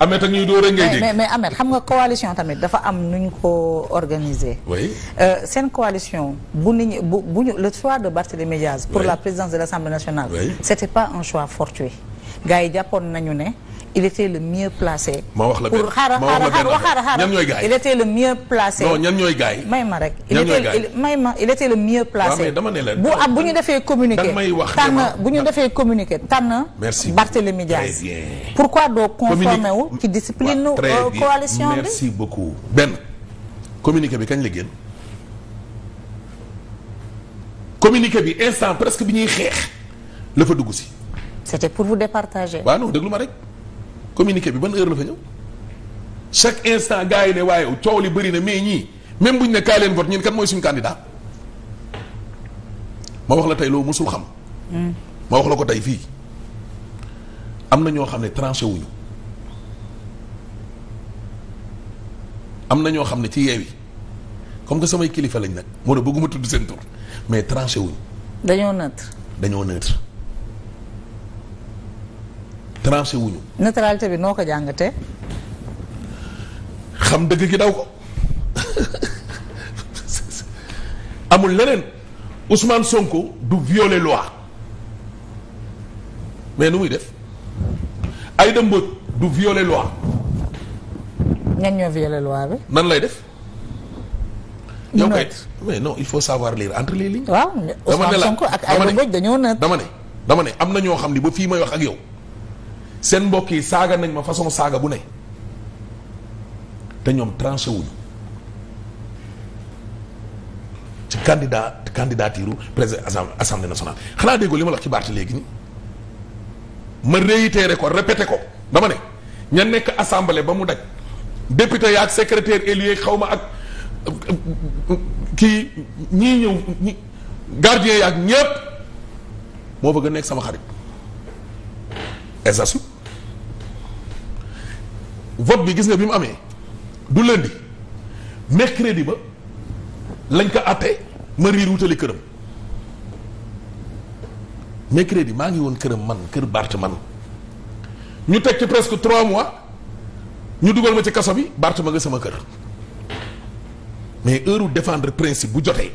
Amet ak ñuy dóore ngay dégg mais Amet xam nga coalition tamit dafa am nu ñu ko organiser. oui euh, seen coalition bu nit ñi bu bu ñu le choix de Barthélémy Diaz. pour la présidence de l' assemblée nationale. oui c' était pas un choix fortuit. gars yi jàppoon nañu ne. il était le mieux placé. ma wax la benn pour xaaral xaaral xaaral ñan ñooy gars yi il était le mieux placé. non ñan ñooy gars yi. may ma rek il était may ma il était le mieux placé. dama ne la bu ab bu ñu defee communiqué. tànn bu ñu defee communiqué tànn. merci Barthélémy Dias. pourquoi doo conformé wu. ci discipline euh, nu coalition bi merci beaucoup. benn communiqué bi kañ la génn. communiqué bi instant presque bi ñuy xeex la fa dugg si. c'était pour vous départager. waaw non déglu ma rek. communiqué bi ban heure la fa ñëw chaque instant gars yi ne waaye coow li bëri na mais ñii même buñ ne kaay leen vote ñun kan mooy suñu candidat ma wax la tey loo mosul xam. Hmm. ma wax la ko tey fii am na ñoo xam ne tranché wuñu am na ñoo xam ne ci yeewi comme que samay kilifa lañ nag moo tax bëgguma tudd seen tur mais tranché wuñu dañoo neutre dañoo neutre tranché wuñu neutralité bi noo ko jàngatee. xam dëgg gi daw ko amul leneen Ousmane Sonko du violer loi mais nu muy def Aïda Mbodj du violer loi. ñan ñoo violer loi bi. nan lay def. yow kay mais non il faut savoir lire entre les lignes. waaw Ousmane Sonko ak Aïda Mbodj dañoo na dama ne dama ne am na ñoo xam ni ba fii may wax ak yow. seen mbokk yi saaga nañ ma façon saaga bu ne te ñoom tranché wuñu ci candidat candidature président assemblée nationale xanaa déggoo li ma la wax ci Barth léegi nii ma réitéré ko répété ko dama ne ña nekk assemblée ba mu daj député ak secrétaire élu xaw ma ak kii ñii ñëw ñi gardien yaak ñépp moo bëgg a nekk sama xarit. vote bi gis nga bi mu amee du lundi mercredi ba lañ ko àtte ma riir wutali këram mercredi maa ngi woon këram man kër man ñu teg ci presque trois mois ñu dugal ma ci kaso bi Bartma nga sama kër mais heure défendre principe bu jotee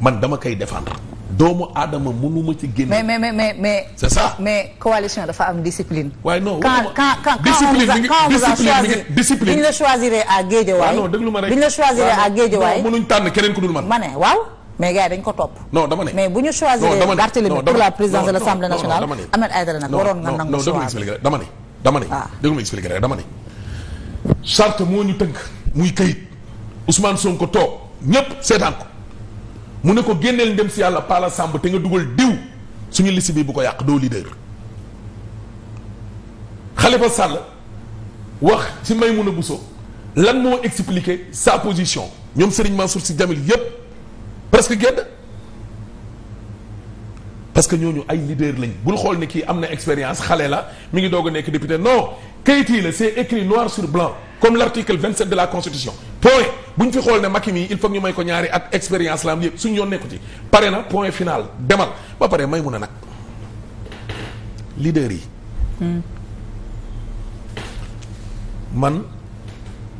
man dama koy défendre. doomu aadama mënuma ci génn. mais mais mais mais c'est ça mais coalition dafa am discipline. waaye no quand quand discipline bi ñu la choisir à ma rek bi ñu la choisir tànn keneen ku dul man. ma ne waaw mais gars yi dañ ko topp. no dama ne mais bu ñu choisir. Barthélémy pour la présidence de l'Assemblée nationale. Ahmed Aïdara nag waroon nga nangu. non dama ne dama ne dama ne. waaw ah. déglu ma expliquer rek dama ne. charte moo ñu tënk. muy kayit Ousmane Sonko toog ñëpp seetaan ko mu ne ko génneel ndem si yàlla Pala Samb te nga dugal diw suñu liste bi bu ko yàq doo leader Khalifa Sall wax ci Maïmouna Bousso lan moo expliquer sa position ñoom seriñ Mansour Sy Djamil yépp presque gédd parce que ñooñu ay leader lañ bul xool ne kii am na expérience xale la mu ngi doog a nekk député non kayit yi la c'est écrit noir sur blanc comme l'article 27 de la constitution bu ñu fi xool ne Macky mii il faut ñu may ko ñaari at expérience la am yëpp suñu yoon nekku ci pare na point finale demal ba pare may mun a nag leader yi. man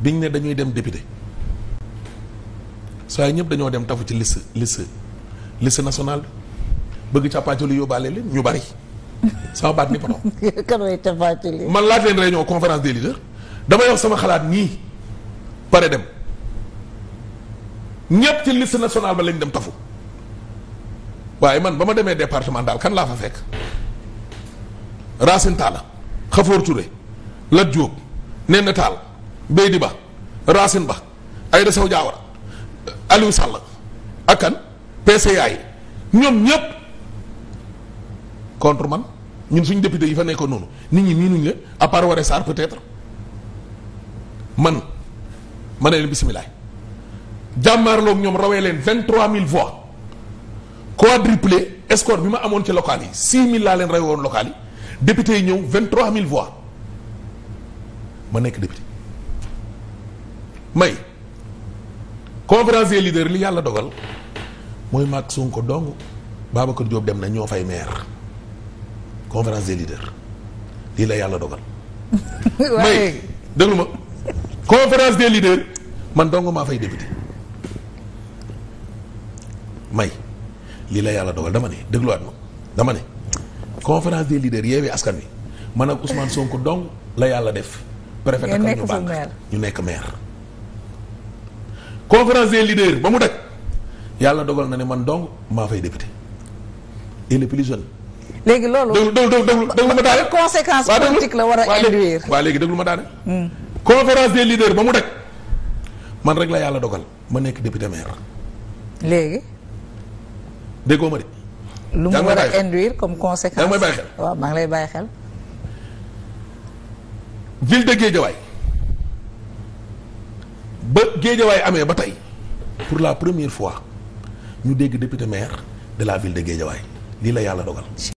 biñ ne dañuy dem député saa yi ñëpp dañoo dem tafu ci liste liste liste nationale bi bëgg càppaatulu yóbbaale leen ñu bari sama baat ni poto. man laaj leen réunion conférence des leaders damay wax sama xalaat nii pare dem. ñëpp ci liste nationale ba lañ dem tafu waaye man ba ma demee départemental kan laa fa fekk Racine Talla Khafour Touré Lat Diop Néné Tall Beydi Ba Racine Ba Aïda Sow Diawara Aliou Sall ak kan PCA yi ñoom ñëpp contre man ñun suñ député yi fa nekkoon noonu nit ñi miinuñ la à part Waré Sarr man ma ne leen bisimilah jàmmaarloog ñoom rawee leen vingt trois mille voix quadruplé score bi ma amoon ci local yi six mille laa leen rawee local yi député yi ñëw vingt trois mille voix ma nekk député may conférence des leaders li yàlla dogal mooy maag ko dong Babacar Diop dem na ñoo fay maire conférence des leaders lii la yàlla dogal may déglu ma conférence des leaders man dong maa fay député may lii la yàlla dogal dama ne dégluwaat ma dama ne conférence des leaders yeewee askan wi man ak Ousmane Sonko dong la yàlla def. préfet ak ñu nekk maire. conférence des leaders ba mu daj yàlla dogal na ne man dong maa fay député et le plus léegi loolu déglu déglu déglu déglu ma daane. conséquence politique la war a induire waaw léegi déglu ma daane. Hmm. conférence des ba mu daj man rek la yàlla dogal ma nekk député maire. léegi. déggoo ma de. lu mu war a induire comme conséquence. yaa ngi may bàyyi xel waaw maa ngi lay bàyyi xel. ville de Guédiawaye ba Guédiawaye amee ba tey pour la première fois ñu dégg député maire de la ville de Guédiawaye lii la yàlla dogal.